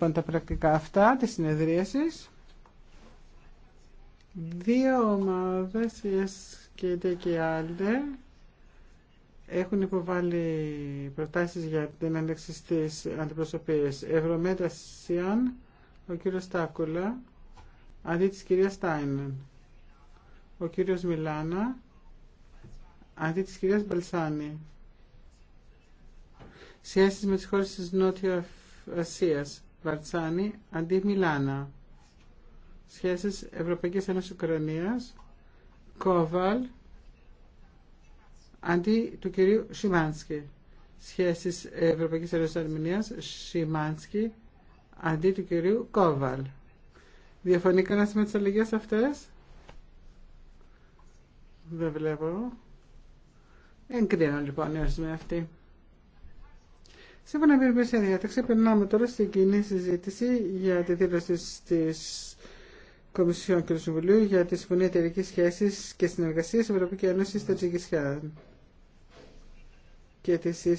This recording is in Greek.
Λοιπόν, τα πρακτικά αυτά της συνεδρίασης. Δύο ομάδες, και και έχουν υποβάλει προτάσεις για την ένταξη στις αντιπροσωπείες. Ευρωμέτα Σιάν, ο κύριος Στάκουλα, αντί της κυρίας Στάινεν. Ο κύριος Μιλάνα, αντί της κυρίας Μπαλσάνη. σχέσει με τι χώρε της Νότια Ασίας. Βαρτσάνη αντί Μιλάνα. Σχέσεις Ευρωπαϊκής Ένωσης Ουκρανίας. Κόβαλ αντί του κυρίου Σιμάνσκι. Σχέσεις Ευρωπαϊκής Ένωσης αρμηνίας Σιμάνσκι αντί του κυρίου Κόβαλ. Διαφωνεί κανένας με τις αλλαγές αυτές. Δεν βλέπω. Εγκρίνω λοιπόν οι ορισμοί αυτοί. Σύμφωνα με την διάταξη, περνάμε τώρα στην κοινή συζήτηση για τη δήλωση τη Κομισιόν και του Συμβουλίου για τη Συμφωνία Εταιρική Σχέση και Συνεργασία Ευρωπαϊκή Ένωση Τατζικιστάν και τη